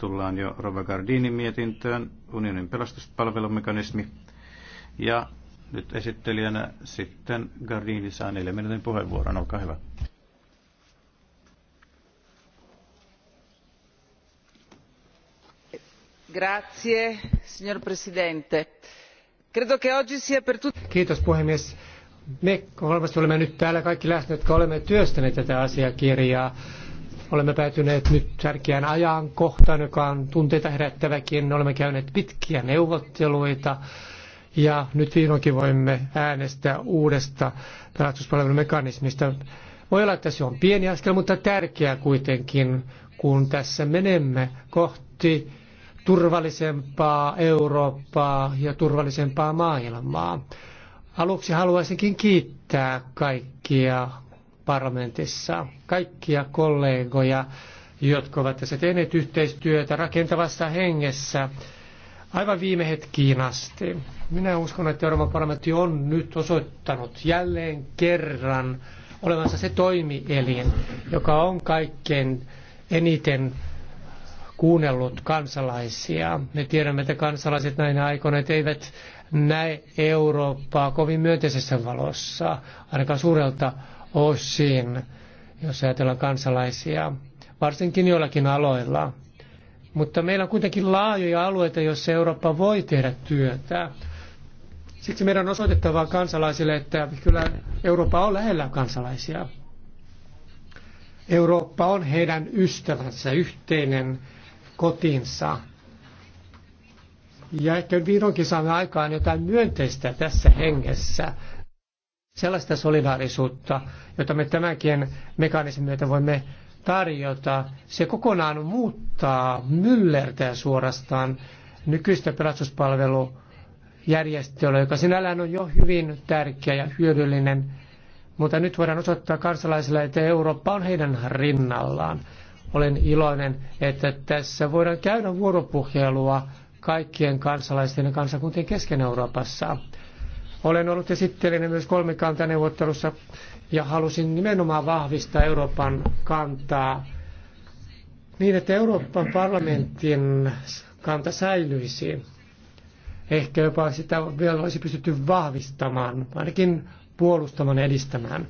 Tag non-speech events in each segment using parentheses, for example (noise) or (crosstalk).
tullaan jo Rova Gardinin mietintöön, unionin pelastuspalvelumekanismi. Ja nyt esittelijänä sitten Gardini saa neljä minuutin puheenvuoron, olkaa hyvä. Grazie, signor Presidente. Credo che oggi sia per tutti... Kiitos puhemies. Me varmasti olemme nyt täällä kaikki lähteneet, jotka olemme työstäneet tätä asiakirjaa. Olemme päätyneet nyt tärkeään ajankohtaan, joka on tunteita herättäväkin. Olemme käyneet pitkiä neuvotteluita ja nyt viinokin voimme äänestää uudesta pelastuspalvelun mekanismista. Voi olla, että se on pieni askel, mutta tärkeä kuitenkin, kun tässä menemme kohti turvallisempaa Eurooppaa ja turvallisempaa maailmaa. Aluksi haluaisinkin kiittää kaikkia parlamentissa, kaikkia kollegoja, jotka ovat tässä tehneet yhteistyötä rakentavassa hengessä aivan viime hetkiin asti. Minä uskon, että Euroopan parlamentti on nyt osoittanut jälleen kerran olevansa se toimielin, joka on kaikkein eniten kuunnellut kansalaisia. Me tiedämme, että kansalaiset näinä aikoina eivät näe Eurooppaa kovin myönteisessä valossa, ainakaan suurelta OSHIN, jos ajatellaan kansalaisia, varsinkin joillakin aloilla. Mutta meillä on kuitenkin laajoja alueita, joissa Eurooppa voi tehdä työtä. Siksi meidän on osoitettava kansalaisille, että kyllä Eurooppa on lähellä kansalaisia. Eurooppa on heidän ystävänsä, yhteinen kotinsa. Ja ehkä vihdoinkin saamme aikaan jotain myönteistä tässä hengessä sellaista solidaarisuutta, jota me tämänkin mekanismin myötä voimme tarjota. Se kokonaan muuttaa, myllertää suorastaan nykyistä pelastuspalvelujärjestelyä, joka sinällään on jo hyvin tärkeä ja hyödyllinen, mutta nyt voidaan osoittaa kansalaisille, että Eurooppa on heidän rinnallaan. Olen iloinen, että tässä voidaan käydä vuoropuhelua kaikkien kansalaisten ja kansakuntien kesken Euroopassa. Olen ollut esittelijänä myös kolmikantaneuvottelussa ja halusin nimenomaan vahvistaa Euroopan kantaa niin, että Euroopan parlamentin kanta säilyisi. Ehkä jopa sitä vielä olisi pystytty vahvistamaan, ainakin puolustamaan ja edistämään.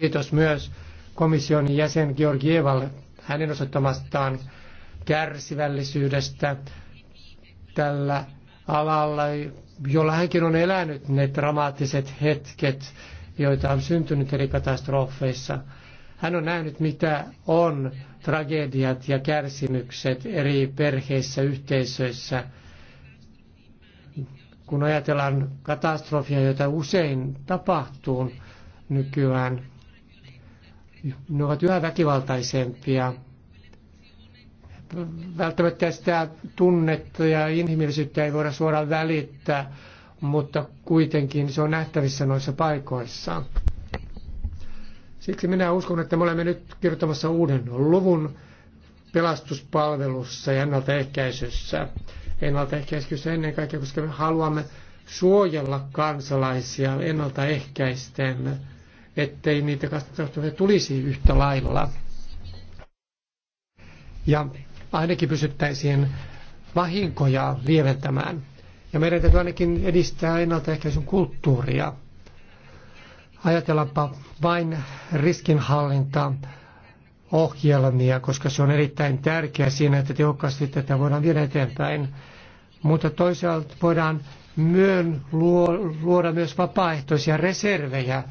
Kiitos myös komission jäsen Georgievalle hänen osoittamastaan kärsivällisyydestä tällä alalla jolla hänkin on elänyt ne dramaattiset hetket, joita on syntynyt eri katastrofeissa. Hän on nähnyt, mitä on tragediat ja kärsimykset eri perheissä, yhteisöissä. Kun ajatellaan katastrofia, joita usein tapahtuu nykyään, ne ovat yhä väkivaltaisempia välttämättä sitä tunnetta ja inhimillisyyttä ei voida suoraan välittää, mutta kuitenkin se on nähtävissä noissa paikoissa. Siksi minä uskon, että me olemme nyt kirjoittamassa uuden luvun pelastuspalvelussa ja ennaltaehkäisyssä. Ennaltaehkäisyssä ennen kaikkea, koska me haluamme suojella kansalaisia ennaltaehkäisten, ettei niitä katastrofeja tulisi yhtä lailla. Ja ainakin pysyttäisiin vahinkoja lieventämään. Ja meidän täytyy ainakin edistää ennaltaehkäisyn kulttuuria. Ajatellaanpa vain riskinhallintaa ohjelmia, koska se on erittäin tärkeää siinä, että tehokkaasti tätä voidaan viedä eteenpäin. Mutta toisaalta voidaan myön luoda myös vapaaehtoisia reservejä,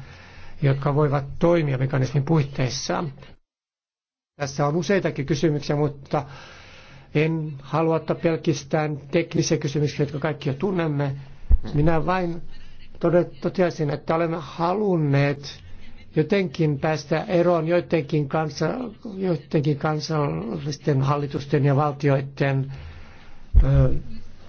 jotka voivat toimia mekanismin puitteissa. Tässä on useitakin kysymyksiä, mutta en halua ottaa pelkistään teknisiä kysymyksiä, jotka kaikki jo tunnemme. Minä vain toteaisin, että olemme halunneet jotenkin päästä eroon joidenkin, kansa, joidenkin kansallisten hallitusten ja valtioiden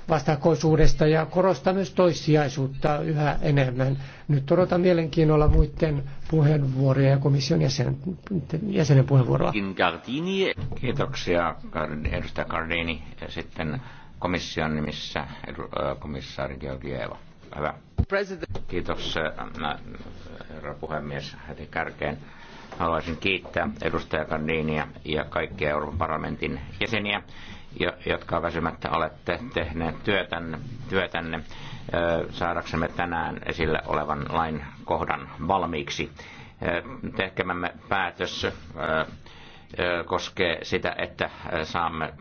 vastakoisuudesta ja korostaa myös toissijaisuutta yhä enemmän. Nyt odotan mielenkiinnolla muiden puheenvuoroja ja komission jäsen, jäsenen puheenvuoroa. Kiitoksia edustaja Gardini. Sitten komission nimissä komissaari Georgieva. Hyvä. President. Kiitos herra puhemies heti kärkeen. Haluaisin kiittää edustaja Gardinia ja kaikkia Euroopan parlamentin jäseniä jotka väsymättä olette tehneet työtänne, työtänne saadaksemme tänään esille olevan lain kohdan valmiiksi. Tehkämämme päätös koskee sitä, että saamme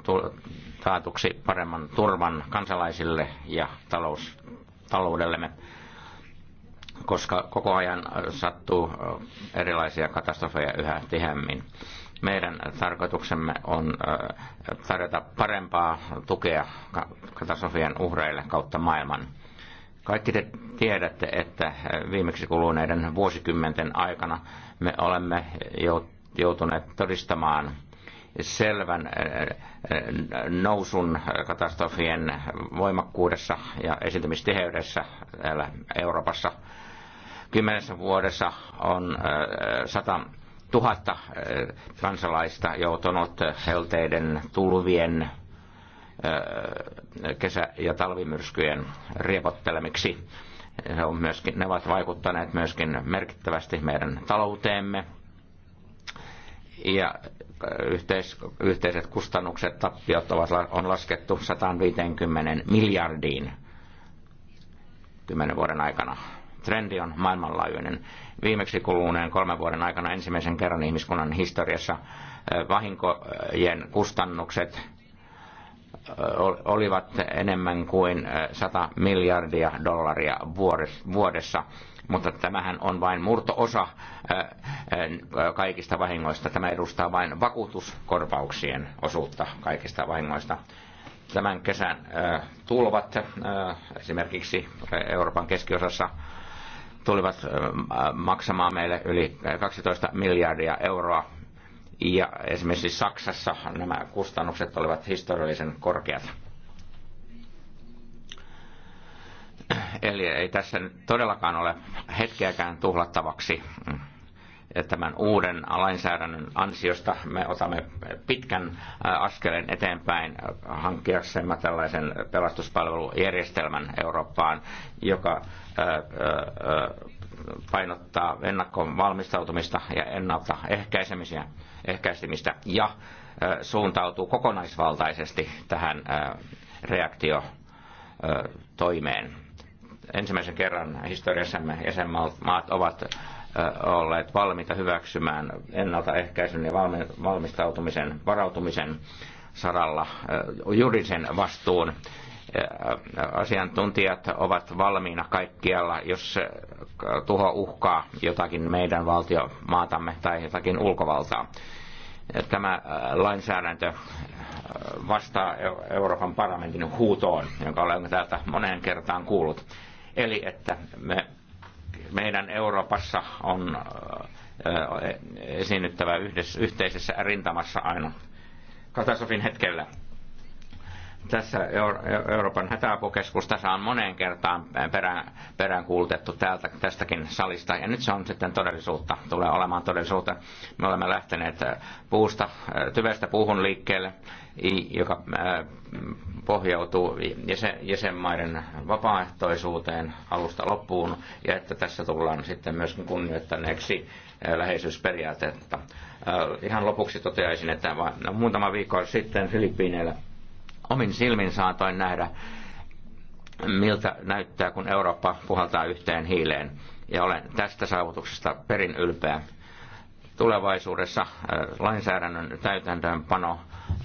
taatuksi paremman turvan kansalaisille ja talous, taloudellemme, koska koko ajan sattuu erilaisia katastrofeja yhä tihemmin. Meidän tarkoituksemme on äh, tarjota parempaa tukea katastrofien uhreille kautta maailman. Kaikki te tiedätte, että äh, viimeksi kuluneiden vuosikymmenten aikana me olemme joutuneet todistamaan selvän äh, nousun katastrofien voimakkuudessa ja esiintymistiheydessä täällä Euroopassa. Kymmenessä vuodessa on sata tuhatta äh, kansalaista joutunut helteiden, tulvien, äh, kesä- ja talvimyrskyjen riepottelemiksi. Ne, on myöskin, ne ovat vaikuttaneet myöskin merkittävästi meidän talouteemme. Ja äh, yhteis, yhteiset kustannukset, tappiot ovat, on laskettu 150 miljardiin kymmenen vuoden aikana trendi on maailmanlaajuinen. Viimeksi kuluneen kolmen vuoden aikana ensimmäisen kerran ihmiskunnan historiassa vahinkojen kustannukset olivat enemmän kuin 100 miljardia dollaria vuodessa mutta tämähän on vain murtoosa kaikista vahingoista. Tämä edustaa vain vakuutuskorvauksien osuutta kaikista vahingoista. Tämän kesän tulvat esimerkiksi Euroopan keskiosassa tulivat maksamaan meille yli 12 miljardia euroa. Ja esimerkiksi Saksassa nämä kustannukset olivat historiallisen korkeat. Eli ei tässä nyt todellakaan ole hetkeäkään tuhlattavaksi tämän uuden lainsäädännön ansiosta me otamme pitkän askeleen eteenpäin hankkiaksemme tällaisen pelastuspalvelujärjestelmän Eurooppaan, joka painottaa ennakkoon valmistautumista ja ennalta ehkäisemistä ja suuntautuu kokonaisvaltaisesti tähän reaktio toimeen. Ensimmäisen kerran historiassamme jäsenmaat ovat olleet valmiita hyväksymään ennaltaehkäisyn ja valmistautumisen, varautumisen saralla juridisen vastuun. Asiantuntijat ovat valmiina kaikkialla, jos tuho uhkaa jotakin meidän valtiomaatamme tai jotakin ulkovaltaa. Tämä lainsäädäntö vastaa Euroopan parlamentin huutoon, jonka olen täältä moneen kertaan kuullut. Eli että me meidän Euroopassa on äh, e, esiinnyttävä yhdessä, yhteisessä rintamassa aina katastrofin hetkellä tässä Euroopan Euroopan hätäapukeskusta on moneen kertaan perään, peräänkuultettu täältä, tästäkin salista, ja nyt se on sitten todellisuutta, tulee olemaan todellisuutta. Me olemme lähteneet puusta, tyvestä puuhun liikkeelle, joka äh, pohjautuu jäsenmaiden vapaaehtoisuuteen alusta loppuun, ja että tässä tullaan sitten myöskin kunnioittaneeksi äh, läheisyysperiaatetta. Äh, ihan lopuksi toteaisin, että no, muutama viikko sitten Filippiineillä omin silmin saatoin nähdä, miltä näyttää, kun Eurooppa puhaltaa yhteen hiileen. Ja olen tästä saavutuksesta perin ylpeä. Tulevaisuudessa äh, lainsäädännön täytäntöönpano äh,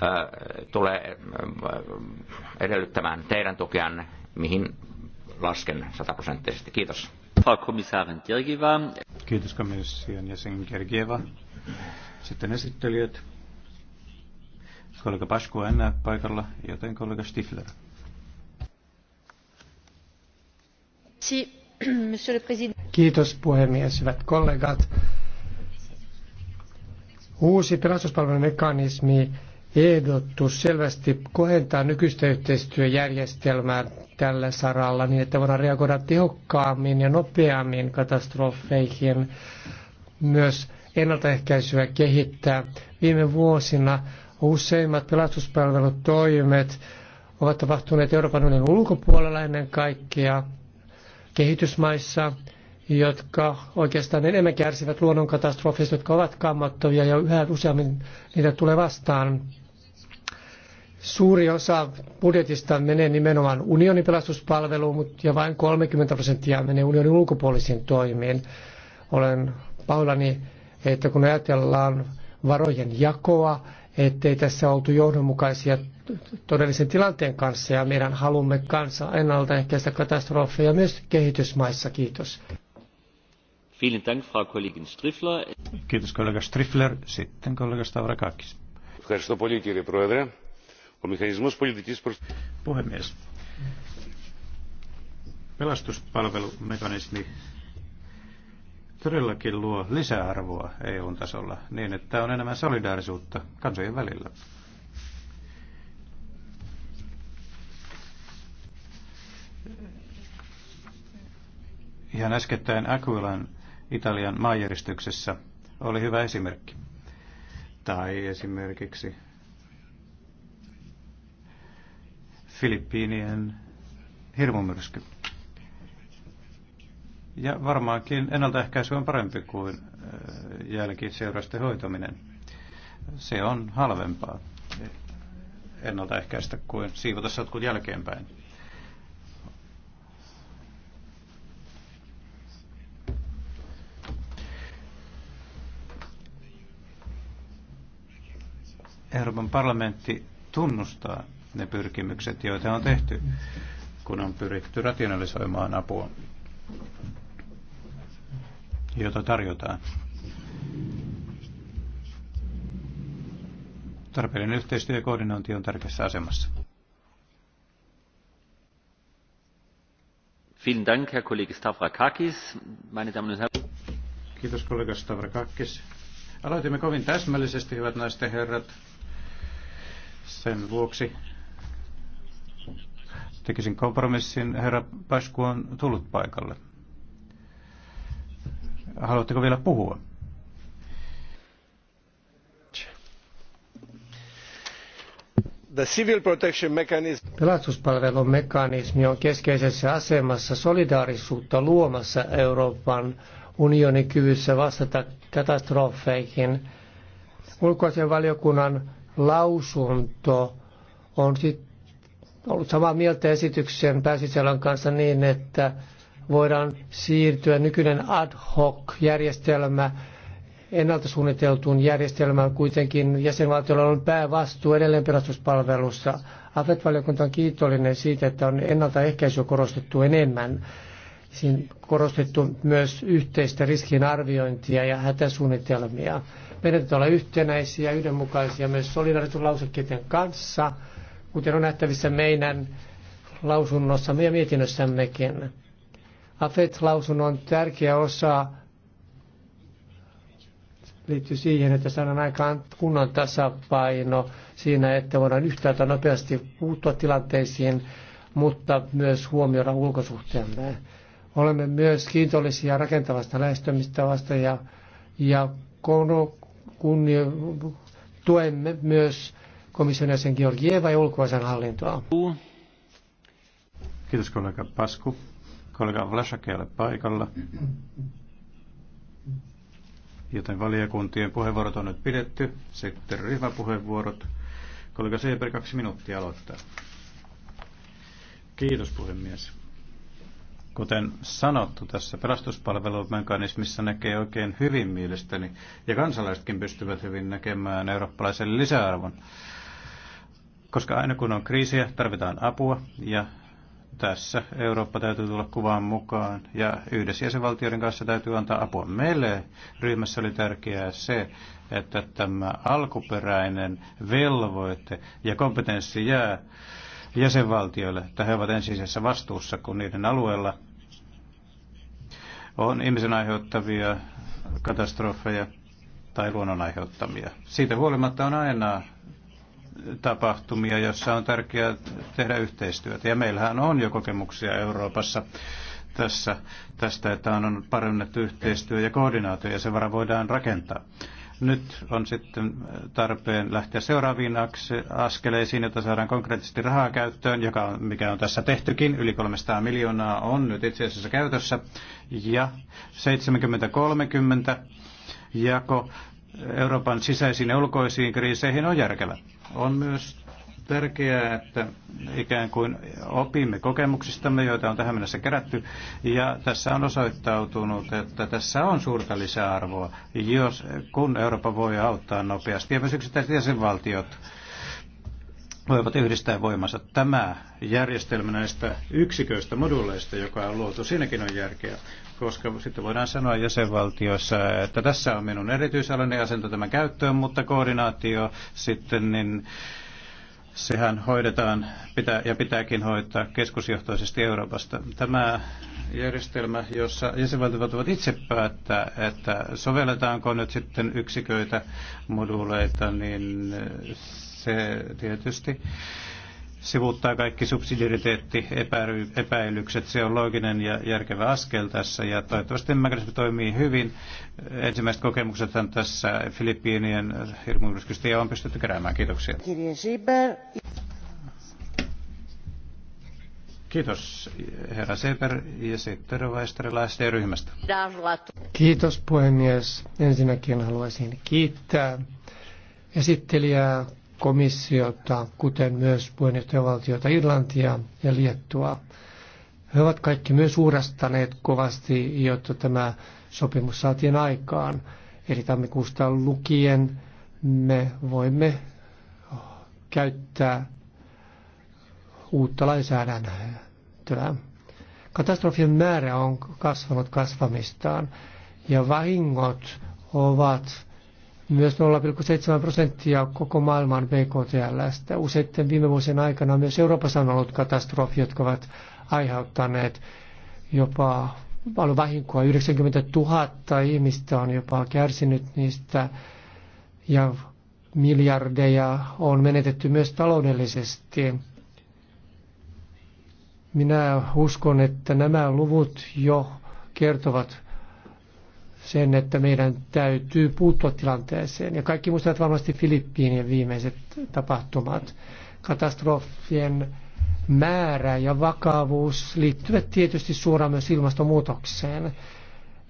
tulee äh, edellyttämään teidän tukeanne, mihin lasken sataprosenttisesti. Kiitos. Kiitos komission jäsen Gergieva. Sitten esittelijät. Kollega Paskua on enää paikalla, joten kollega Stifler. Kiitos puhemies, hyvät kollegat. Uusi pelastuspalvelumekanismi ehdotus selvästi kohentaa nykyistä yhteistyöjärjestelmää tällä saralla niin, että voidaan reagoida tehokkaammin ja nopeammin katastrofeihin, myös ennaltaehkäisyä kehittää. Viime vuosina Useimmat pelastuspalvelutoimet ovat tapahtuneet Euroopan unionin ulkopuolella ennen kaikkea kehitysmaissa, jotka oikeastaan enemmän kärsivät luonnonkatastrofeista, jotka ovat kammottavia ja yhä useammin niitä tulee vastaan. Suuri osa budjetista menee nimenomaan unionin pelastuspalveluun ja vain 30 prosenttia menee unionin ulkopuolisiin toimiin. Olen pahoillani, että kun ajatellaan varojen jakoa, ettei tässä oltu johdonmukaisia todellisen tilanteen kanssa ja meidän halumme kanssa ennaltaehkäistä katastrofeja myös kehitysmaissa. Kiitos. Kiitos kollega Strifler. Sitten kollega Stavrakakis. Puhemies. Pelastuspalvelumekanismi todellakin luo lisäarvoa EUn tasolla niin, että on enemmän solidaarisuutta kansojen välillä. Ihan äskettäin Aquilan Italian maanjäristyksessä oli hyvä esimerkki. Tai esimerkiksi Filippiinien hirmumyrsky. Ja varmaankin ennaltaehkäisy on parempi kuin äh, jälkiseurasten hoitaminen. Se on halvempaa ennaltaehkäistä kuin siivota sotkut jälkeenpäin. Euroopan parlamentti tunnustaa ne pyrkimykset, joita on tehty, kun on pyritty rationalisoimaan apua jota tarjotaan. Tarpeellinen yhteistyö ja koordinointi on tärkeässä asemassa. Vielen Dank, Herr Kollege Stavrakakis. Meine Damen und Herren. Kiitos, kollega Stavrakakis. Aloitimme kovin täsmällisesti, hyvät naiset ja herrat. Sen vuoksi tekisin kompromissin. Herra Pasku on tullut paikalle. Haluatteko vielä puhua? The civil protection mechanism. Pelastuspalvelun mekanismi on keskeisessä asemassa solidaarisuutta luomassa Euroopan unionin kyvyssä vastata katastrofeihin. Ulkoisen valiokunnan lausunto on sit ollut samaa mieltä esityksen pääsisällön kanssa niin, että voidaan siirtyä nykyinen ad hoc järjestelmä ennalta suunniteltuun järjestelmään kuitenkin jäsenvaltiolla on päävastuu edelleen pelastuspalvelussa. AFET-valiokunta on kiitollinen siitä, että on ennaltaehkäisyä korostettu enemmän. Siinä korostettu myös yhteistä riskinarviointia ja hätäsuunnitelmia. Meidän täytyy olla yhtenäisiä ja yhdenmukaisia myös solidarisuuslausekkeiden kanssa, kuten on nähtävissä meidän lausunnossamme ja mietinnössämmekin AFET-lausunnon tärkeä osa liittyy siihen, että saadaan aikaan kunnon tasapaino siinä, että voidaan yhtäältä nopeasti puuttua tilanteisiin, mutta myös huomioida ulkosuhteemme. Olemme myös kiitollisia rakentavasta lähestymistavasta ja, ja kun tuemme myös komission jäsen Georgieva ja ulkoisen hallintoa. Kiitos kollega Pasku. Kollega Vlasak ei ole paikalla. Joten valiokuntien puheenvuorot on nyt pidetty. Sitten ryhmäpuheenvuorot. Kollega Seeber, kaksi minuuttia aloittaa. Kiitos puhemies. Kuten sanottu, tässä pelastuspalvelumekanismissa näkee oikein hyvin mielestäni, ja kansalaisetkin pystyvät hyvin näkemään eurooppalaisen lisäarvon koska aina kun on kriisiä, tarvitaan apua ja tässä Eurooppa täytyy tulla kuvaan mukaan ja yhdessä jäsenvaltioiden kanssa täytyy antaa apua. Meille ryhmässä oli tärkeää se, että tämä alkuperäinen velvoite ja kompetenssi jää jäsenvaltioille, että he ovat ensisijaisessa vastuussa, kun niiden alueella on ihmisen aiheuttavia katastrofeja tai luonnon aiheuttamia. Siitä huolimatta on aina tapahtumia, joissa on tärkeää tehdä yhteistyötä. Ja meillähän on jo kokemuksia Euroopassa tässä, tästä, että on parannettu yhteistyö ja koordinaatio, ja sen vara voidaan rakentaa. Nyt on sitten tarpeen lähteä seuraaviin askeleisiin, jotta saadaan konkreettisesti rahaa käyttöön, joka on, mikä on tässä tehtykin. Yli 300 miljoonaa on nyt itse asiassa käytössä. Ja 70-30 jako Euroopan sisäisiin ja ulkoisiin kriiseihin on järkevä. On myös tärkeää, että ikään kuin opimme kokemuksistamme, joita on tähän mennessä kerätty, ja tässä on osoittautunut, että tässä on suurta lisäarvoa, jos, kun Eurooppa voi auttaa nopeasti, ja myös yksittäiset jäsenvaltiot voivat yhdistää voimansa. Tämä järjestelmä näistä yksiköistä, moduleista, joka on luotu, siinäkin on järkeä koska sitten voidaan sanoa jäsenvaltioissa, että tässä on minun erityisalainen asento tämän käyttöön, mutta koordinaatio sitten, niin sehän hoidetaan pitää, ja pitääkin hoitaa keskusjohtoisesti Euroopasta. Tämä järjestelmä, jossa jäsenvaltiot voivat itse päättää, että sovelletaanko nyt sitten yksiköitä, moduuleita, niin se tietysti sivuuttaa kaikki epäilykset, Se on looginen ja järkevä askel tässä ja toivottavasti mekanismi toimii hyvin. Ensimmäiset on tässä Filippiinien hirmumyrskystä ja on pystytty keräämään. Kiitoksia. Kiitos herra Seber ja sitten Rovaistarilla ryhmästä Kiitos puhemies. Ensinnäkin haluaisin kiittää esittelijää komissiota, kuten myös puheenjohtajavaltiota Irlantia ja Liettua. He ovat kaikki myös uurastaneet kovasti, jotta tämä sopimus saatiin aikaan. Eli tammikuusta lukien me voimme käyttää uutta lainsäädäntöä. Katastrofien määrä on kasvanut kasvamistaan ja vahingot ovat myös 0,7 prosenttia koko maailman BKTL. Useiden viime vuosien aikana myös Euroopassa on ollut katastrofi, jotka ovat aiheuttaneet jopa paljon vahinkoa. 90 000 ihmistä on jopa kärsinyt niistä ja miljardeja on menetetty myös taloudellisesti. Minä uskon, että nämä luvut jo kertovat sen, että meidän täytyy puuttua tilanteeseen. Ja kaikki muistavat varmasti Filippiinien viimeiset tapahtumat. Katastrofien määrä ja vakavuus liittyvät tietysti suoraan myös ilmastonmuutokseen.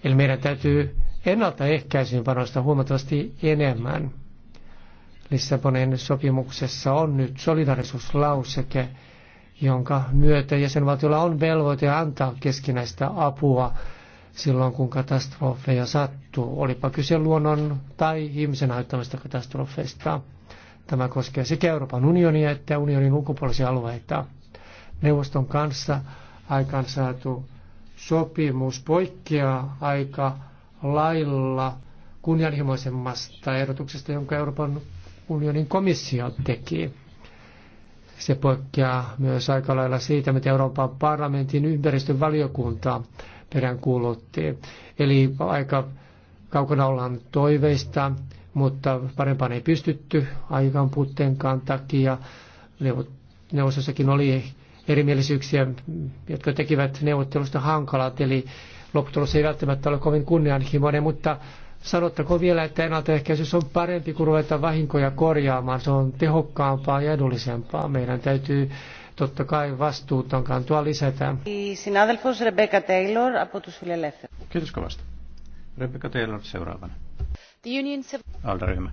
Eli meidän täytyy ennaltaehkäisyyn panosta huomattavasti enemmän. Lissabonin sopimuksessa on nyt solidarisuuslauseke, jonka myötä jäsenvaltiolla on velvoite antaa keskinäistä apua silloin, kun katastrofeja sattuu, olipa kyse luonnon tai ihmisen aiheuttamista katastrofeista. Tämä koskee sekä Euroopan unionia että unionin ulkopuolisia alueita. Neuvoston kanssa aikaansaatu sopimus poikkeaa aika lailla kunnianhimoisemmasta ehdotuksesta, jonka Euroopan unionin komissio teki. Se poikkeaa myös aika lailla siitä, mitä Euroopan parlamentin ympäristövaliokunta perään kuulutti. Eli aika kaukana ollaan toiveista, mutta parempaan ei pystytty aikaan puutteenkaan takia. Neuvostossakin oli erimielisyyksiä, jotka tekivät neuvottelusta hankalat, eli lopputulos ei välttämättä ole kovin kunnianhimoinen, mutta sanottakoon vielä, että ennaltaehkäisyys on parempi kuin ruveta vahinkoja korjaamaan. Se on tehokkaampaa ja edullisempaa. Meidän täytyy totta kai vastuutonkantoa lisätään. Συνάδελφος Rebecca Taylor από τους Φιλελεύθερους. Kiitos kovasti. Rebecca Taylor seuraavana. The union... Alderyhmä.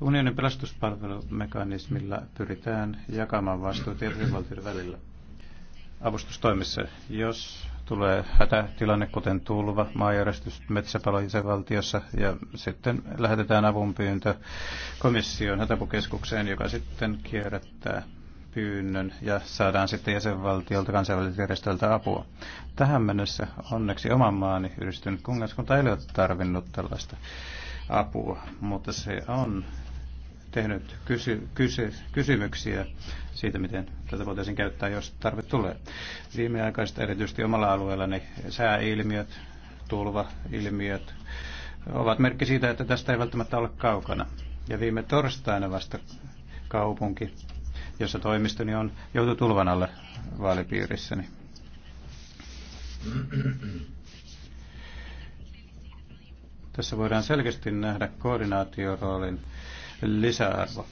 Unionin pelastuspalvelumekanismilla pyritään jakamaan vastuut jäsenvaltioiden välillä avustustoimissa. Jos tulee hätätilanne, kuten tulva, maanjärjestys, metsäpalo jäsenvaltiossa, ja sitten lähetetään avunpyyntö komission hätäpukeskukseen, joka sitten kierrättää pyynnön ja saadaan sitten jäsenvaltiolta kansainväliseltä järjestöltä apua. Tähän mennessä onneksi oman maani yhdistynyt kuningaskunta ei ole tarvinnut tällaista apua, mutta se on tehnyt kysy, kysy, kysymyksiä siitä, miten tätä voitaisiin käyttää, jos tarve tulee. Viimeaikaista erityisesti omalla alueellani sääilmiöt, tulvailmiöt ovat merkki siitä, että tästä ei välttämättä ole kaukana. Ja viime torstaina vasta kaupunki jossa toimistoni on joutu tulvan alle vaalipiirissäni. Tässä voidaan selkeästi nähdä koordinaatioroolin lisäarvo.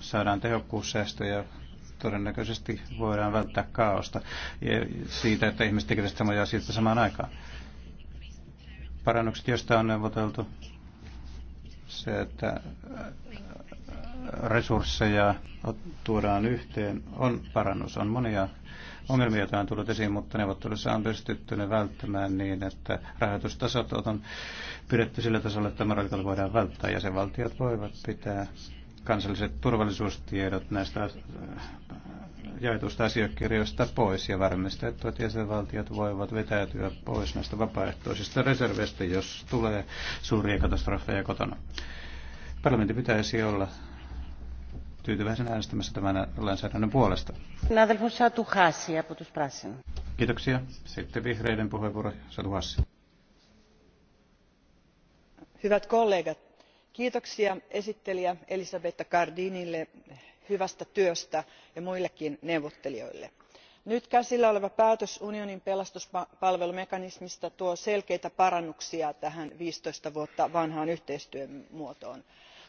Saadaan tehokkuussäästöjä, todennäköisesti voidaan välttää kaaosta ja siitä, että ihmiset tekevät samoja asioita samaan aikaan. Parannukset, joista on neuvoteltu, se, että resursseja tuodaan yhteen, on parannus. On monia ongelmia, joita on tullut esiin, mutta neuvottelussa on pystytty ne välttämään niin, että rahoitustasot on pidetty sillä tasolla, että tämä voidaan välttää. Jäsenvaltiot voivat pitää kansalliset turvallisuustiedot näistä äh, jaetusta asiakirjoista pois ja varmistettu, että jäsenvaltiot voivat vetäytyä pois näistä vapaaehtoisista reserveistä, jos tulee suuria katastrofeja kotona. Parlamentti pitäisi olla tyytyväisen äänestämässä tämän lainsäädännön puolesta. Kiitoksia. Sitten vihreiden puheenvuoro Satu Hassi. Hyvät kollegat, kiitoksia esittelijä Elisabetta Cardinille hyvästä työstä ja muillekin neuvottelijoille nyt käsillä oleva päätös unionin pelastuspalvelumekanismista tuo selkeitä parannuksia tähän 15 vuotta vanhaan yhteistyömuotoon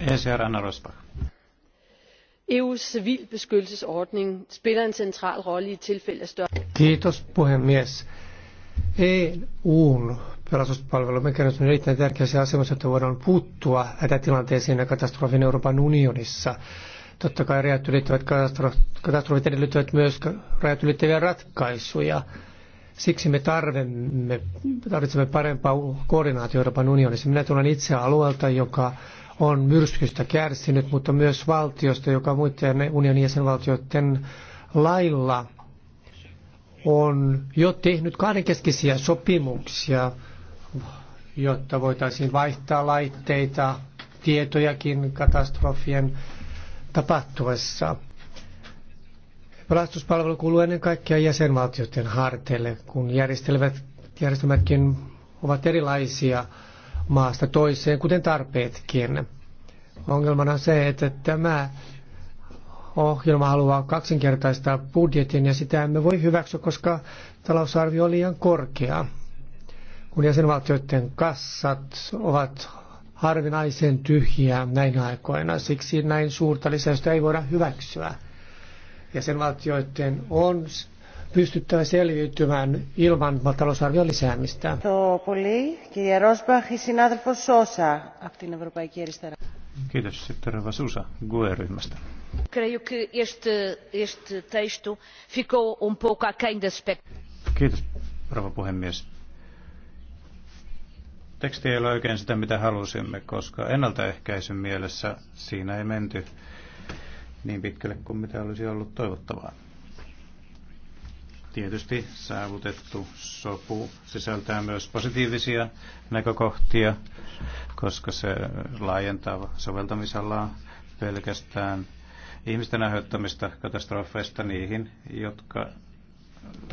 ECR Anna Rosbach. EU's civilbeskyttelsesordning spiller en central rolle i tilfælde af større... Kiitos puhemies. EUn pelastuspalvelumekanismi on erittäin tärkeässä asemassa, että voidaan puuttua hätätilanteisiin ja katastrofin Euroopan unionissa. Totta kai rajat ylittävät katastrofit edellyttävät myös rajat ylittäviä ratkaisuja. Siksi me tarvitsemme parempaa koordinaatiota Euroopan unionissa. Minä tulen itse alueelta, joka on myrskystä kärsinyt, mutta myös valtiosta, joka muiden unionin jäsenvaltioiden lailla on jo tehnyt kahdenkeskisiä sopimuksia, jotta voitaisiin vaihtaa laitteita, tietojakin katastrofien tapahtuessa. Pelastuspalvelu kuuluu ennen kaikkea jäsenvaltioiden harteille, kun järjestelmätkin ovat erilaisia maasta toiseen, kuten tarpeetkin. Ongelmana on se, että tämä ohjelma haluaa kaksinkertaistaa budjetin ja sitä emme voi hyväksyä, koska talousarvio on liian korkea. Kun jäsenvaltioiden kassat ovat harvinaisen tyhjiä näin aikoina, siksi näin suurta lisäystä ei voida hyväksyä. Jäsenvaltioiden on pystyttävä selviytymään ilman talousarvion lisäämistä. Kiitos. Sitten Rava Susa GUE-ryhmästä. Creio que este, este texto ficou um pouco das Kiitos, rouva puhemies. Teksti ei ole oikein sitä, mitä halusimme, koska ennaltaehkäisyn mielessä siinä ei menty niin pitkälle kuin mitä olisi ollut toivottavaa. Tietysti saavutettu sopu sisältää myös positiivisia näkökohtia, koska se laajentaa soveltamisalaa pelkästään ihmisten aiheuttamista katastrofeista niihin, jotka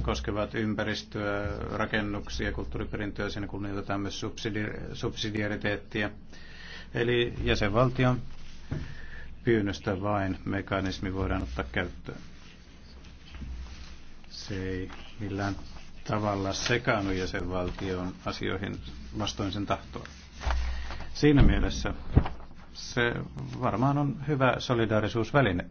koskevat ympäristöä, rakennuksia, kulttuuriperintöä, siinä kunnioitetaan myös subsidiariteettia. Eli jäsenvaltion pyynnöstä vain mekanismi voidaan ottaa käyttöön. Se ei millään tavalla sekaannu jäsenvaltion asioihin vastoin sen tahtoa. Siinä mielessä se varmaan on hyvä solidaarisuusväline.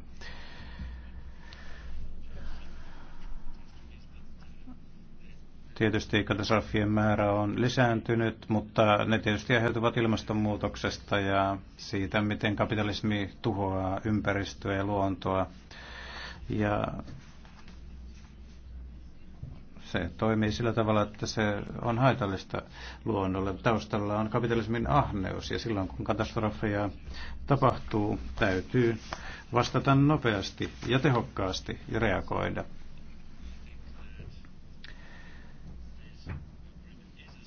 Tietysti katastrofien määrä on lisääntynyt, mutta ne tietysti aiheutuvat ilmastonmuutoksesta ja siitä, miten kapitalismi tuhoaa ympäristöä ja luontoa. Ja se toimii sillä tavalla, että se on haitallista luonnolle. Taustalla on kapitalismin ahneus ja silloin kun katastrofeja tapahtuu, täytyy vastata nopeasti ja tehokkaasti ja reagoida.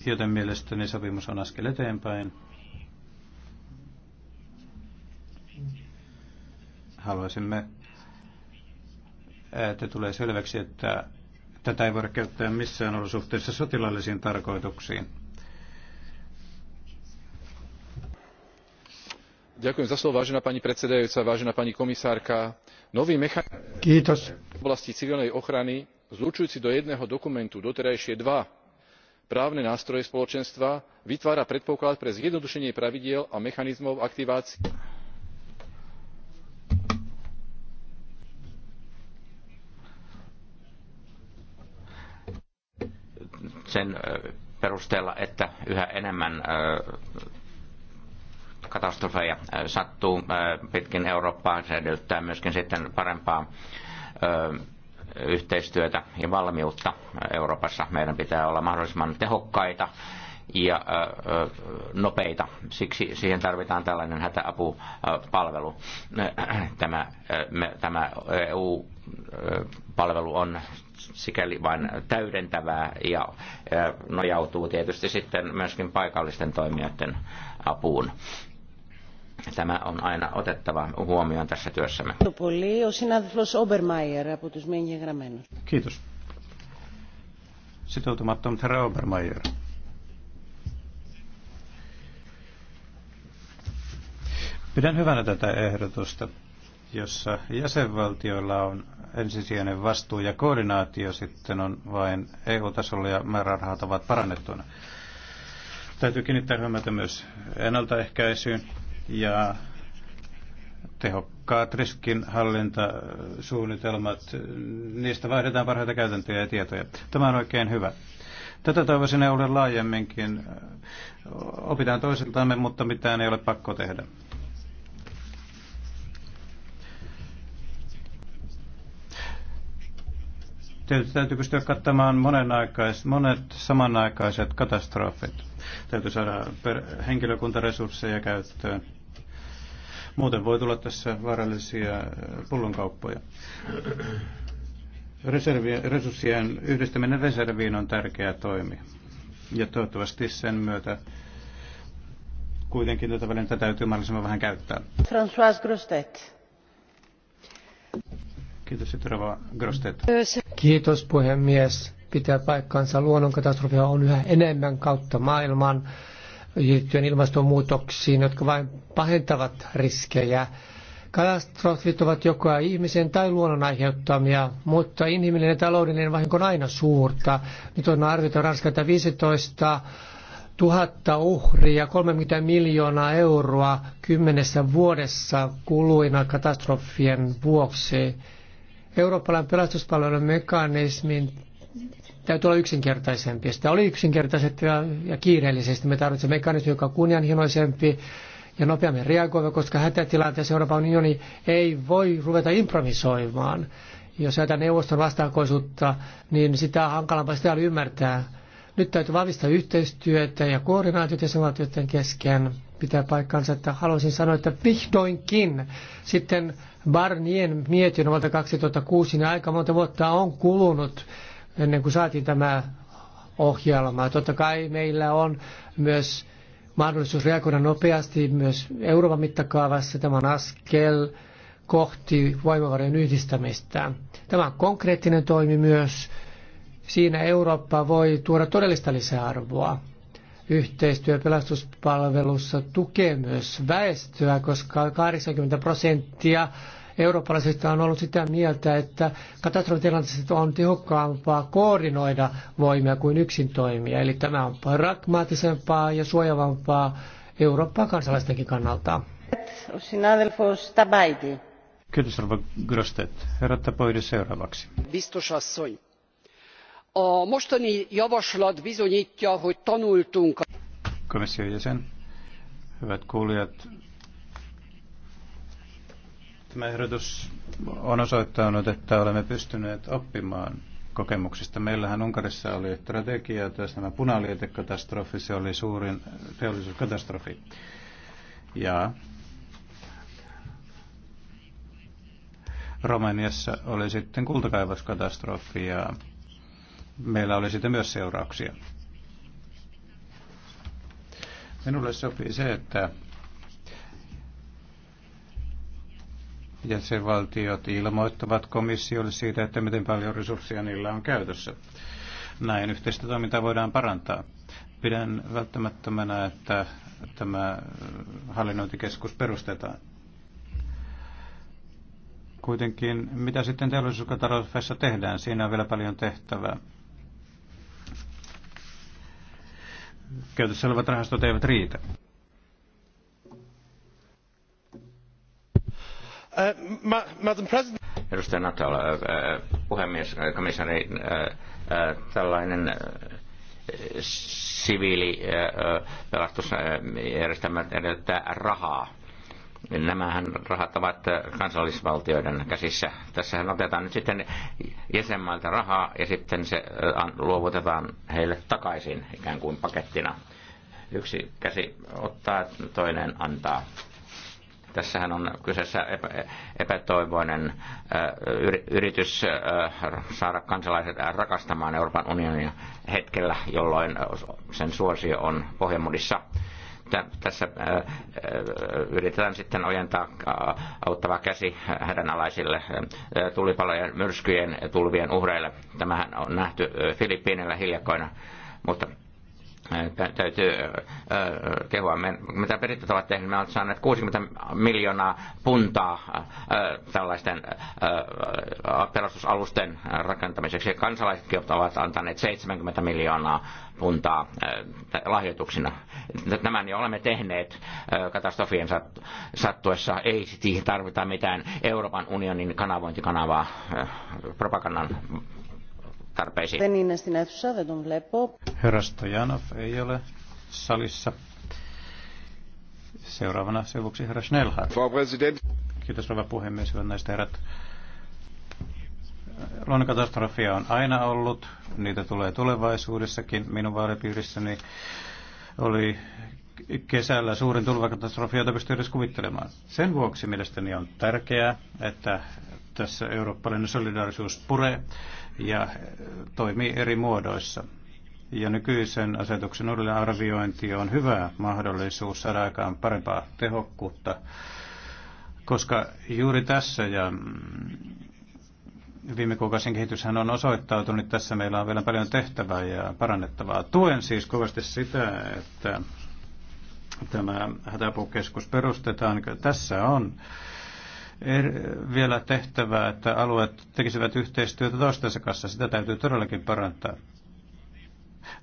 Joten mielestäni sopimus on askel eteenpäin. Haluaisimme että tulee selväksi, että Tätä ei voida käyttää missään olosuhteissa sotilaallisiin tarkoituksiin. nový mechanizmus v oblasti civilnej ochrany zlučujúci do jedného dokumentu doterajšie dva právne nástroje spoločenstva vytvára predpoklad pre zjednodušenie pravidiel a mechanizmov aktivácie. sen perusteella, että yhä enemmän katastrofeja sattuu pitkin Eurooppaa. Se edellyttää myöskin sitten parempaa yhteistyötä ja valmiutta Euroopassa. Meidän pitää olla mahdollisimman tehokkaita ja nopeita. Siksi siihen tarvitaan tällainen hätäapupalvelu. (clears throat) Tämä, tämä EU-palvelu on sikäli vain täydentävää ja nojautuu tietysti sitten myöskin paikallisten toimijoiden apuun. Tämä on aina otettava huomioon tässä työssämme. Kiitos. Sitoutumattomat herra Obermeier. Pidän hyvänä tätä ehdotusta, jossa jäsenvaltioilla on ensisijainen vastuu ja koordinaatio sitten on vain EU-tasolla ja määrärahat ovat parannettuna. Täytyy kiinnittää huomiota myös ennaltaehkäisyyn ja tehokkaat hallintasuunnitelmat. niistä vaihdetaan parhaita käytäntöjä ja tietoja. Tämä on oikein hyvä. Tätä toivoisin EUlle laajemminkin. Opitaan toisiltamme, mutta mitään ei ole pakko tehdä. Tietysti täytyy pystyä kattamaan monenaikais, monet samanaikaiset katastrofit. Täytyy saada per, henkilökuntaresursseja käyttöön. Muuten voi tulla tässä vaarallisia pullonkauppoja. Reservi, resurssien yhdistäminen reserviin on tärkeä toimi. Ja toivottavasti sen myötä kuitenkin tätä välintä täytyy mahdollisimman vähän käyttää. François Grostet. Kiitos, Kiitos, puhemies. Pitää paikkansa. Luonnonkatastrofia on yhä enemmän kautta maailman liittyen ilmastonmuutoksiin, jotka vain pahentavat riskejä. Katastrofit ovat joko ihmisen tai luonnon aiheuttamia, mutta inhimillinen ja taloudellinen vahinko on aina suurta. Nyt on arvioitu raskaita 15 000 uhria, 30 miljoonaa euroa kymmenessä vuodessa kuluina katastrofien vuoksi. Eurooppalainen pelastuspalvelun mekanismin täytyy olla yksinkertaisempi. Sitä oli yksinkertaisesti ja, ja kiireellisesti. Me tarvitsemme mekanismi, joka on kunnianhimoisempi ja nopeammin reagoiva, koska hätätilanteessa Euroopan unioni ei voi ruveta improvisoimaan. Jos ajatellaan neuvoston vastaakoisuutta, niin sitä hankalampaa sitä ymmärtää. Nyt täytyy vahvistaa yhteistyötä ja koordinaatiot jäsenvaltioiden kesken. Pitää paikkansa, että haluaisin sanoa, että vihdoinkin sitten Barnien mietin vuodelta 2006, niin aika monta vuotta on kulunut ennen kuin saatiin tämä ohjelma. Totta kai meillä on myös mahdollisuus reagoida nopeasti myös Euroopan mittakaavassa. Tämä on askel kohti voimavarojen yhdistämistä. Tämä on konkreettinen toimi myös. Siinä Eurooppa voi tuoda todellista lisäarvoa. Yhteistyö pelastuspalvelussa tukee myös väestöä, koska 80 prosenttia eurooppalaisista on ollut sitä mieltä, että katastrofitilanteessa on tehokkaampaa koordinoida voimia kuin yksin toimia. Eli tämä on pragmaattisempaa ja suojavampaa Eurooppaa kansalaistenkin kannalta. Kiitos, Rova Grostet. Herra Tapoide seuraavaksi. Biztos a mostani javaslat bizonytja hogy tanultunk. komission jäsen hyvät kuulijat tämä ehdotus on osoittanut että olemme pystyneet oppimaan kokemuksista. Meillähän Unkarissa oli strategia, tässä tämä punaliitekatastrofi, se oli suurin teollisuuskatastrofi. Ja Romaniassa oli sitten kultakaivoskatastrofi ja meillä oli siitä myös seurauksia. Minulle sopii se, että jäsenvaltiot ilmoittavat komissiolle siitä, että miten paljon resursseja niillä on käytössä. Näin yhteistä toimintaa voidaan parantaa. Pidän välttämättömänä, että tämä hallinnointikeskus perustetaan. Kuitenkin, mitä sitten teollisuus- tehdään, siinä on vielä paljon tehtävää. käytössä olevat rahastot eivät riitä. Uh, Edustaja Natal, uh, uh, puhemies, komissaari, tällainen siviili pelastusjärjestelmä edellyttää rahaa Nämähän rahat ovat kansallisvaltioiden käsissä. Tässähän otetaan nyt sitten jäsenmailta rahaa ja sitten se luovutetaan heille takaisin ikään kuin pakettina. Yksi käsi ottaa, toinen antaa tässähän on kyseessä epä, epätoivoinen yritys saada kansalaiset rakastamaan Euroopan unionia hetkellä, jolloin sen suosio on pohjamudissa tässä yritetään sitten ojentaa auttava käsi hädänalaisille tulipalojen, myrskyjen, tulvien uhreille. Tämähän on nähty Filippiineillä hiljakkoina, mutta täytyy kehua, me, mitä perittävät ovat tehneet, me olemme saaneet 60 miljoonaa puntaa tällaisten pelastusalusten rakentamiseksi. Kansalaisetkin ovat antaneet 70 miljoonaa puntaa lahjoituksina. Tämän jo olemme tehneet katastrofien sattuessa. Ei siihen tarvita mitään Euroopan unionin kanavointikanavaa propagandan tarpeisiin. Herra Stojanov ei ole salissa. Seuraavana seuraavaksi herra Schnellhardt. Kiitos rouva puhemies, hyvät näistä herrat. Luonnonkatastrofia on aina ollut, niitä tulee tulevaisuudessakin. Minun vaalipiirissäni oli kesällä suurin tulvakatastrofi, jota pystyy edes kuvittelemaan. Sen vuoksi mielestäni on tärkeää, että tässä eurooppalainen solidaarisuus puree ja eh, toimii eri muodoissa. Ja nykyisen asetuksen arviointi on hyvä mahdollisuus saada aikaan parempaa tehokkuutta, koska juuri tässä ja mm, viime kuukausien kehityshän on osoittautunut, että tässä meillä on vielä paljon tehtävää ja parannettavaa. Tuen siis kovasti sitä, että tämä hätäapukeskus perustetaan. Tässä on er, vielä tehtävää, että alueet tekisivät yhteistyötä toistensa kanssa. Sitä täytyy todellakin parantaa.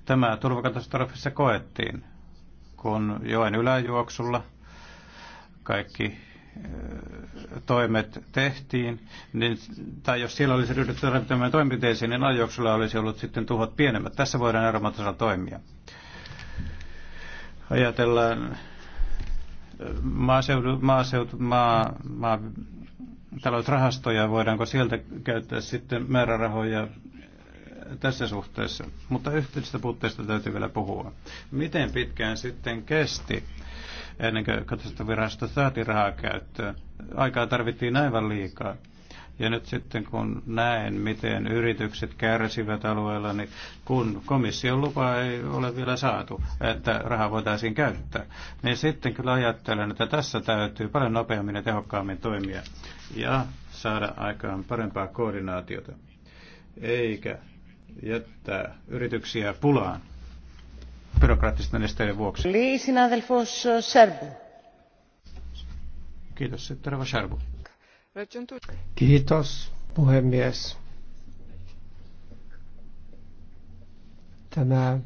Tämä turvakatastrofissa koettiin, kun joen yläjuoksulla kaikki eh, toimet tehtiin, niin, tai jos siellä olisi ryhdytty tarvittamaan toimenpiteisiin, niin ajoksella olisi ollut sitten tuhot pienemmät. Tässä voidaan Euroopan toimia. Ajatellaan maaseudu, maaseutu, maa, maa, talousrahastoja, voidaanko sieltä käyttää sitten määrärahoja tässä suhteessa. Mutta yhteisistä puutteista täytyy vielä puhua. Miten pitkään sitten kesti ennen kuin katastrofirahasto saati rahaa käyttöön? Aikaa tarvittiin aivan liikaa. Ja nyt sitten kun näen, miten yritykset kärsivät alueella, niin kun komission lupa ei ole vielä saatu, että rahaa voitaisiin käyttää, niin sitten kyllä ajattelen, että tässä täytyy paljon nopeammin ja tehokkaammin toimia ja saada aikaan parempaa koordinaatiota, eikä jättää yrityksiä pulaan byrokraattisten esteiden vuoksi. Uh, Kiitos, Terva Sharbu. Kiitos, puhemies. Tämä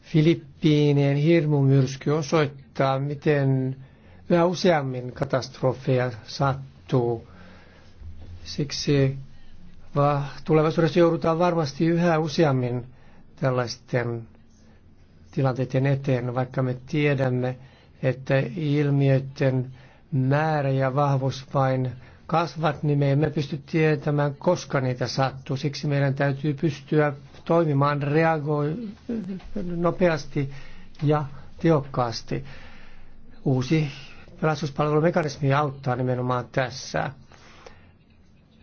Filippiinien hirmumyrsky osoittaa, miten yhä useammin katastrofeja sattuu. Siksi va, tulevaisuudessa joudutaan varmasti yhä useammin tällaisten tilanteiden eteen, vaikka me tiedämme, että ilmiöiden määrä ja vahvuus vain kasvat, niin me emme pysty tietämään, koska niitä sattuu. Siksi meidän täytyy pystyä toimimaan, reagoi nopeasti ja tehokkaasti. Uusi pelastuspalvelumekanismi auttaa nimenomaan tässä.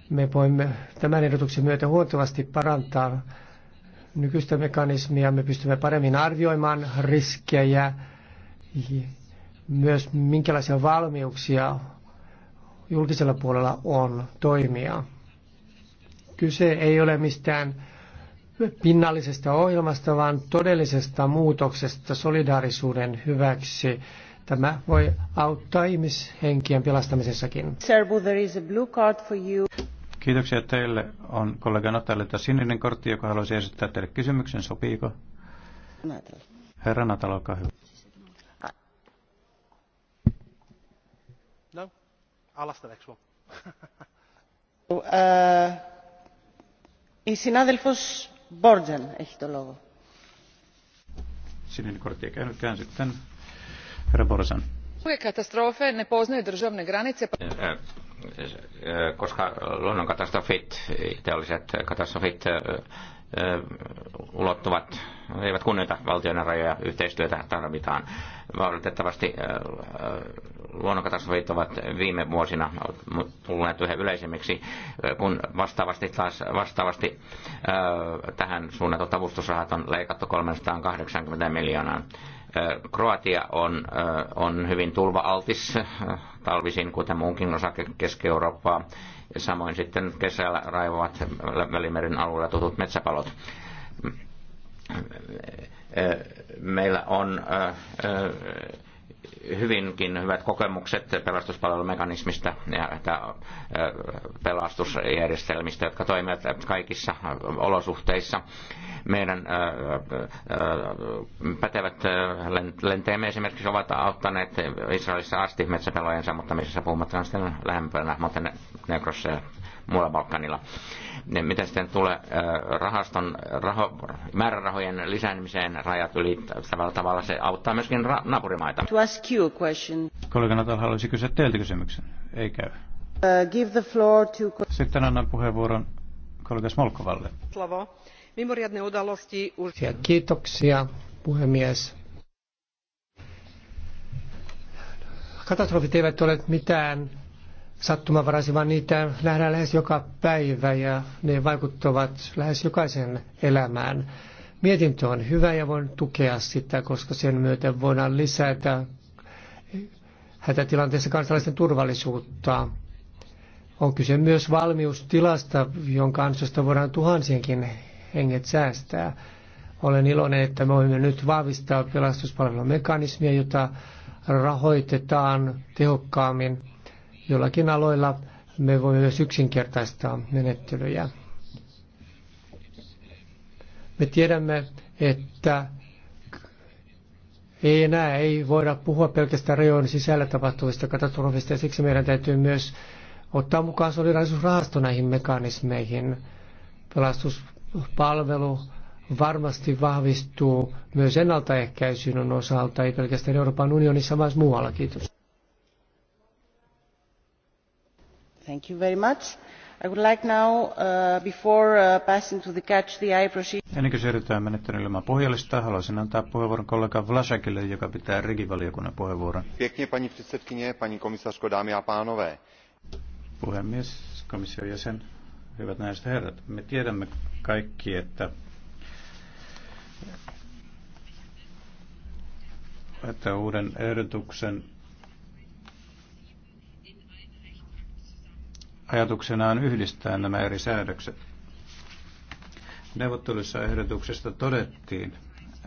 Me voimme tämän ehdotuksen myötä huomattavasti parantaa nykyistä mekanismia. Me pystymme paremmin arvioimaan riskejä myös minkälaisia valmiuksia julkisella puolella on toimia. Kyse ei ole mistään pinnallisesta ohjelmasta, vaan todellisesta muutoksesta solidaarisuuden hyväksi. Tämä voi auttaa ihmishenkien pelastamisessakin. Kiitoksia teille. On kollega Natalilta sininen kortti, joka haluaisi esittää teille kysymyksen. Sopiiko? Herra Natal, olkaa hyvä. alastareksi η συνάδελφος Μπόρτζαν έχει το λόγο. Sininen kortti käännykään sitten herra Borsan. Katastrofe ne poznaje državne granice. Eh, eh, koska luonnonkatastrofit, teolliset katastrofit eh, ulottuvat, eivät kunnioita valtion rajoja, yhteistyötä tarvitaan. Valitettavasti luonnonkatastrofit ovat viime vuosina tulleet yhä yleisemmiksi, kun vastaavasti, taas, vastaavasti tähän suunnatut avustusrahat on leikattu 380 miljoonaa. Kroatia on, on hyvin tulva-altis talvisin, kuten muunkin osa Keski-Eurooppaa ja samoin sitten kesällä raivoavat Välimeren alueella tutut metsäpalot. Meillä on hyvinkin hyvät kokemukset pelastuspalvelumekanismista ja pelastusjärjestelmistä, jotka toimivat kaikissa olosuhteissa. Meidän pätevät lentäjämme esimerkiksi ovat auttaneet Israelissa asti metsäpelojen sammuttamisessa, puhumattakaan sitten lähempänä Montenegrossa ja muulla Balkanilla. Mitä sitten tulee rahaston raho, määrärahojen lisäämiseen rajat ylittävällä tavalla, se auttaa myöskin ra- naapurimaita. Kollega Natal haluaisi kysyä teiltä kysymyksen. Ei käy. Uh, give the floor to... Sitten annan puheenvuoron kollega Smolkovalle. Slavo. Kiitoksia, puhemies. katastrofit eivät ole mitään Sattumavaraisia vaan niitä nähdään lähes joka päivä ja ne vaikuttavat lähes jokaisen elämään. Mietintö on hyvä ja voin tukea sitä, koska sen myötä voidaan lisätä hätätilanteessa kansalaisten turvallisuutta. On kyse myös valmiustilasta, jonka ansiosta voidaan tuhansienkin henget säästää. Olen iloinen, että me voimme nyt vahvistaa pelastuspalvelun mekanismia, jota rahoitetaan tehokkaammin Jollakin aloilla me voimme myös yksinkertaistaa menettelyjä. Me tiedämme, että ei enää ei voida puhua pelkästään rajojen sisällä tapahtuvista katastrofista ja siksi meidän täytyy myös ottaa mukaan solidaarisuusrahasto näihin mekanismeihin. Pelastuspalvelu varmasti vahvistuu myös ennaltaehkäisyn osalta, ei pelkästään Euroopan unionissa, vaan muualla. Kiitos. Ennen kuin siirrytään menettelyyn ilman haluaisin antaa puheenvuoron kollega Vlasakille, joka pitää rikivaliokunnan puheenvuoron. Pieknie, pani předsedkynie, pani komisarsko, dámy a pánové. Puhemies, komission jäsen, hyvät naiset herrat. Me tiedämme kaikki, että että uuden ehdotuksen Ajatuksena on yhdistää nämä eri säädökset. Neuvottelussa ehdotuksesta todettiin,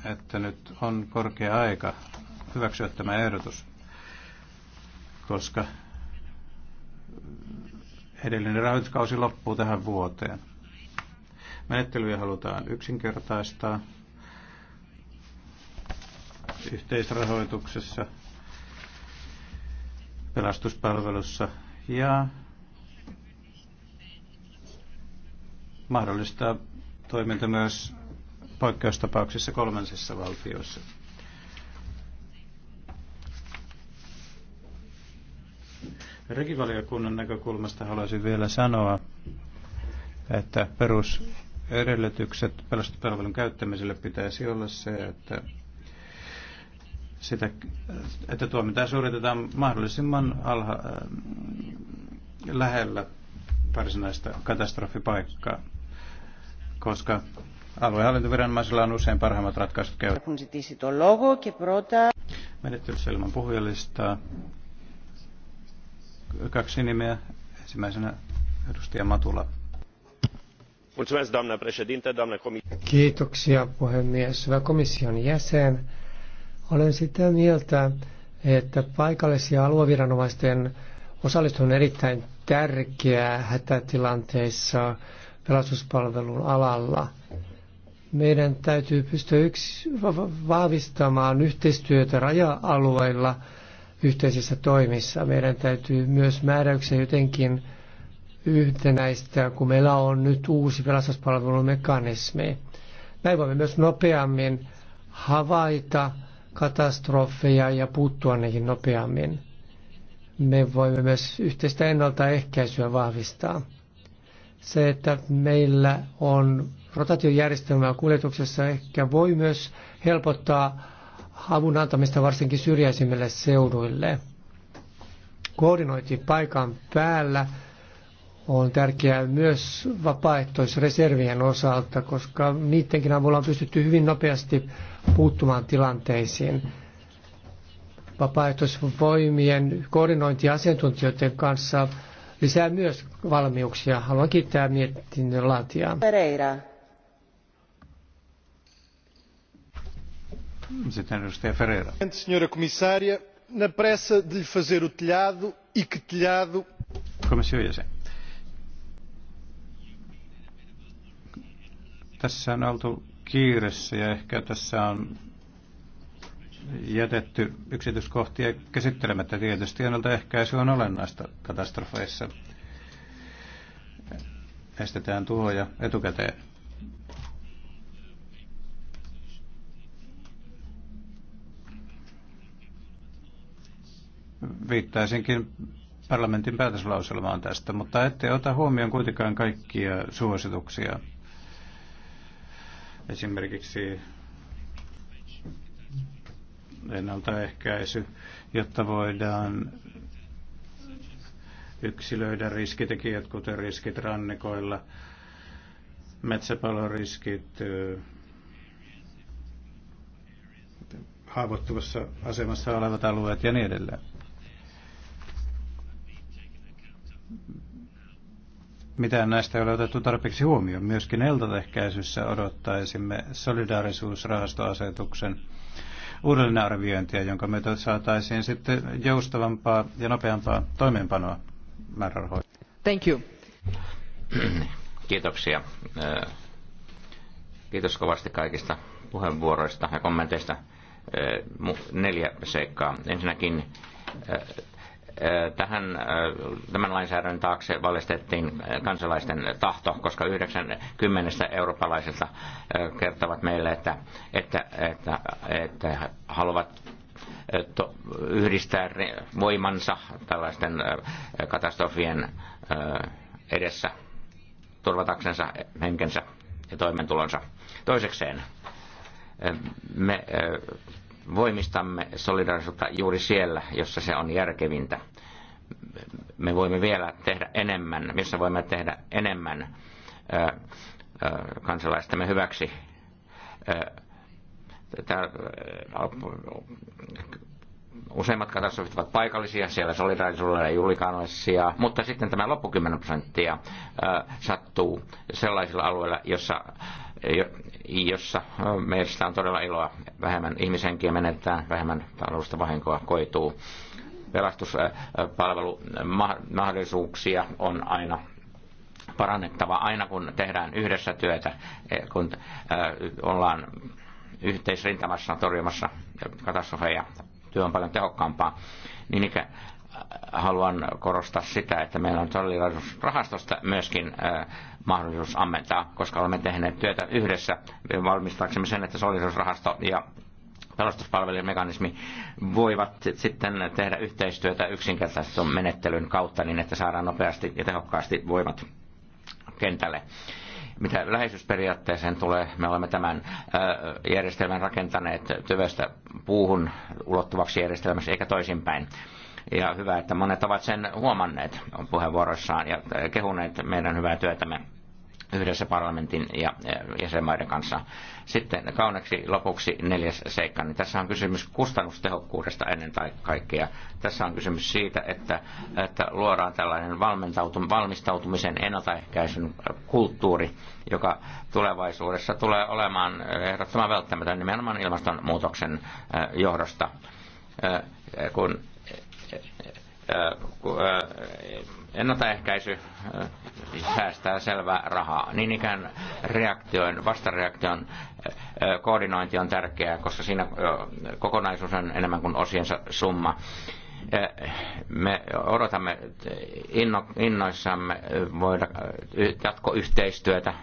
että nyt on korkea aika hyväksyä tämä ehdotus, koska edellinen rahoituskausi loppuu tähän vuoteen. Menettelyjä halutaan yksinkertaistaa yhteisrahoituksessa, pelastuspalvelussa ja mahdollistaa toiminta myös poikkeustapauksissa kolmansissa valtioissa. Rekivaliokunnan näkökulmasta haluaisin vielä sanoa, että perusedellytykset pelastuspalvelun käyttämiselle pitäisi olla se, että, sitä, että tuomintaa suoritetaan mahdollisimman alha, äh, lähellä varsinaista katastrofipaikkaa koska aluehallintoviranomaisilla on usein parhaimmat ratkaisut käytössä. Menettelyssä ilman puhujalistaa. Kaksi nimeä. Ensimmäisenä edustaja Matula. Kiitoksia puhemies. Hyvä komission jäsen. Olen sitä mieltä, että paikallisia alueviranomaisten osallistuminen on erittäin tärkeää hätätilanteissa pelastuspalvelun alalla. Meidän täytyy pystyä yksi, vahvistamaan yhteistyötä raja-alueilla yhteisissä toimissa. Meidän täytyy myös määräyksiä jotenkin yhtenäistä, kun meillä on nyt uusi pelastuspalvelumekanismi. Näin voimme myös nopeammin havaita katastrofeja ja puuttua niihin nopeammin. Me voimme myös yhteistä ennaltaehkäisyä vahvistaa. Se, että meillä on rotaatiojärjestelmää kuljetuksessa ehkä voi myös helpottaa avun antamista varsinkin syrjäisimmille seuduille. Koordinointi paikan päällä on tärkeää myös vapaaehtoisreservien osalta, koska niidenkin avulla on pystytty hyvin nopeasti puuttumaan tilanteisiin. Vapaaehtoisvoimien koordinointi asiantuntijoiden kanssa lisää myös valmiuksia. Haluan kiittää mietinnön laatiaan. Pereira. Sitten edustaja Ferreira. Signora komissaria, na pressa de lhe fazer o telhado e que telhado... Komissio jäsen. Tässä on oltu kiiressä ja ehkä tässä on jätetty yksityiskohtia käsittelemättä tietysti. Ennaltaehkäisy on olennaista katastrofeissa. Estetään tuhoja etukäteen. Viittaisinkin parlamentin päätöslauselmaan tästä, mutta ette ota huomioon kuitenkaan kaikkia suosituksia. Esimerkiksi ennaltaehkäisy, jotta voidaan yksilöidä riskitekijät, kuten riskit rannikoilla, metsäpaloriskit, haavoittuvassa asemassa olevat alueet ja niin edelleen. mitään näistä ei ole otettu tarpeeksi huomioon. Myöskin eltatehkäisyssä odottaisimme solidaarisuusrahastoasetuksen uudelleenarviointia, jonka myötä saataisiin sitten joustavampaa ja nopeampaa toimeenpanoa määrärahoihin. Thank you. Kiitoksia. Äh, kiitos kovasti kaikista puheenvuoroista ja kommenteista. Äh, neljä seikkaa. Ensinnäkin äh, tähän, äh, tämän lainsäädännön taakse valistettiin äh, kansalaisten tahto, koska 90 eurooppalaisilta äh, kertovat meille, että, että, että, että haluavat yhdistää voimansa tällaisten katastrofien edessä turvataksensa henkensä ja toimeentulonsa. Toisekseen me voimistamme solidaarisuutta juuri siellä, jossa se on järkevintä. Me voimme vielä tehdä enemmän, missä voimme tehdä enemmän kansalaistemme hyväksi. Tää, useimmat katastrofit ovat paikallisia, siellä solidaarisuudella ei juurikaan ole sijaa, mutta sitten tämä loppu 10 prosenttia sattuu sellaisilla alueilla, jossa jossa meistä on todella iloa. Vähemmän ihmishenkiä menetetään, vähemmän taloudellista vahinkoa koituu. Pelastuspalvelumahdollisuuksia on aina parannettava aina kun tehdään yhdessä työtä, e, kun ollaan yhteisrintamassa torjumassa katastrofeja. Työ on paljon tehokkaampaa. Niin ikä haluan korostaa sitä, että meillä on solidarisuusrahastosta myöskin äh, mahdollisuus ammentaa, koska olemme tehneet työtä yhdessä valmistaaksemme sen, että solidarisuusrahasto ja mekanismi voivat sitten tehdä yhteistyötä yksinkertaisen menettelyn kautta niin, että saadaan nopeasti ja tehokkaasti voimat kentälle. Mitä läheisyysperiaatteeseen tulee, me olemme tämän äh, järjestelmän rakentaneet tyvestä puuhun ulottuvaksi järjestelmäksi eikä toisinpäin ja hyvä, että monet ovat sen huomanneet puheenvuoroissaan ja äh, kehuneet meidän hyvää työtämme yhdessä parlamentin ja äh, jäsenmaiden kanssa. Sitten kauneksi lopuksi neljäs seikka. Niin tässä on kysymys kustannustehokkuudesta ennen kaikkea. Tässä on kysymys siitä, että, että luodaan tällainen valmistautumisen ennaltaehkäisyn kulttuuri, joka tulevaisuudessa tulee olemaan äh, ehdottoman välttämätön nimenomaan ilmastonmuutoksen johdosta kun Äh, äh, ennaltaehkäisy äh, säästää selvää rahaa. Niin ikään reaktion, vastareaktion koordinointi on tärkeää, koska siinä kokonaisuus on enemmän kuin osiensa summa. Me odotamme innoissamme voida jatkoyhteistyötä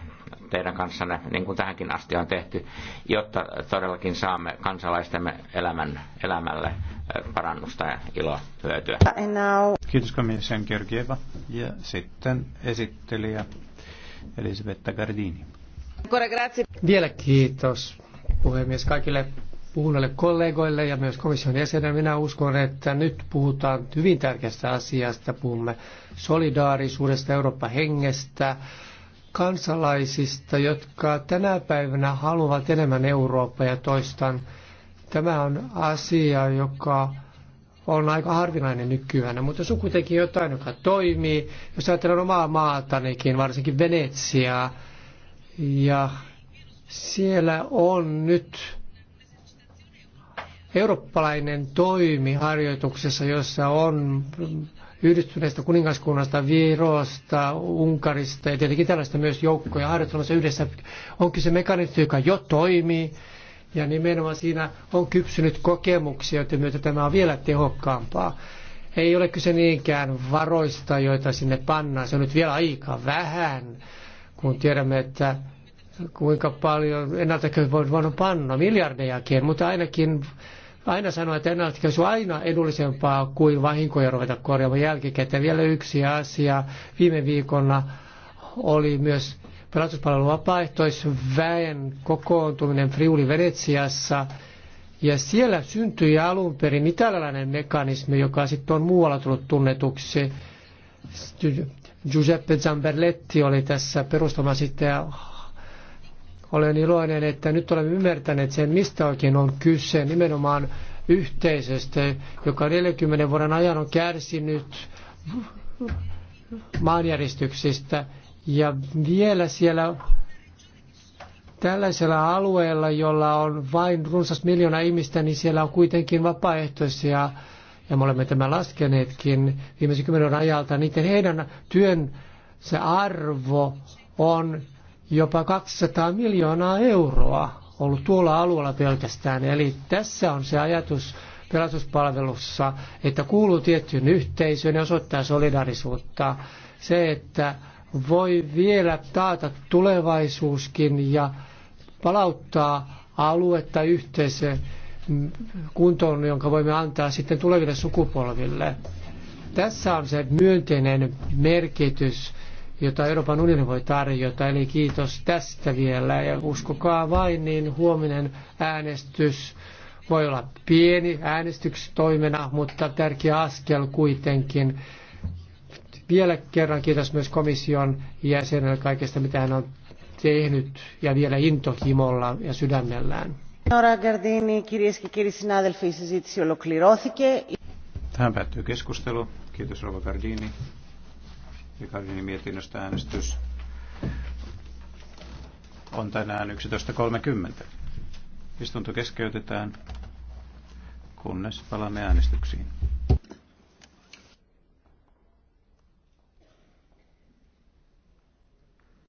teidän kanssanne, niin kuin tähänkin asti on tehty, jotta todellakin saamme kansalaistemme elämän, elämälle parannusta ja iloa hyötyä. Kiitos komission Georgieva ja sitten esittelijä Elisabetta Gardini. Vielä kiitos puhemies kaikille puhuneille kollegoille ja myös komission jäsenen. Minä uskon, että nyt puhutaan hyvin tärkeästä asiasta. Puhumme solidaarisuudesta, Eurooppa hengestä, kansalaisista, jotka tänä päivänä haluavat enemmän Eurooppaa ja toistan. Tämä on asia, joka on aika harvinainen nykyään, mutta se on kuitenkin jotain, joka toimii. Jos ajatellaan omaa maatanikin, varsinkin Venetsiaa, ja siellä on nyt eurooppalainen toimi harjoituksessa, jossa on yhdistyneestä kuningaskunnasta, Virosta, Unkarista ja tietenkin tällaista myös joukkoja harjoittelemassa yhdessä. On kyse mekanismi, joka jo toimii ja nimenomaan siinä on kypsynyt kokemuksia, joten myötä tämä on vielä tehokkaampaa. Ei ole kyse niinkään varoista, joita sinne pannaan. Se on nyt vielä aika vähän, kun tiedämme, että kuinka paljon ennaltakin voi panna, miljardejakin, mutta ainakin aina sanoa, että ennaltaehkäisy on aina edullisempaa kuin vahinkoja ruveta korjaamaan jälkikäteen. Vielä yksi asia. Viime viikolla oli myös pelastuspalvelun vapaaehtoisväen kokoontuminen Friuli Venetsiassa. Ja siellä syntyi alun perin italialainen mekanismi, joka sitten on muualla tullut tunnetuksi. Giuseppe Zamberletti oli tässä perustama sitten olen iloinen, että nyt olemme ymmärtäneet sen, mistä oikein on kyse, nimenomaan yhteisöstä, joka 40 vuoden ajan on kärsinyt maanjäristyksistä. Ja vielä siellä tällaisella alueella, jolla on vain runsas miljoona ihmistä, niin siellä on kuitenkin vapaaehtoisia, ja me olemme tämän laskeneetkin viimeisen kymmenen ajalta, niin heidän työn se arvo on jopa 200 miljoonaa euroa ollut tuolla alueella pelkästään. Eli tässä on se ajatus pelastuspalvelussa, että kuuluu tiettyyn yhteisöön ja osoittaa solidarisuutta. Se, että voi vielä taata tulevaisuuskin ja palauttaa aluetta yhteisö kuntoon, jonka voimme antaa sitten tuleville sukupolville. Tässä on se myönteinen merkitys jota Euroopan unioni voi tarjota. Eli kiitos tästä vielä ja uskokaa vain, niin huominen äänestys voi olla pieni äänestystoimena, mutta tärkeä askel kuitenkin. Vielä kerran kiitos myös komission jäsenelle kaikesta, mitä hän on tehnyt ja vielä intohimolla ja sydämellään. Tähän päättyy keskustelu. Kiitos Rova Gardini. Vikarinin mietinnöstä äänestys on tänään 11.30. Istunto keskeytetään, kunnes palaamme äänestyksiin.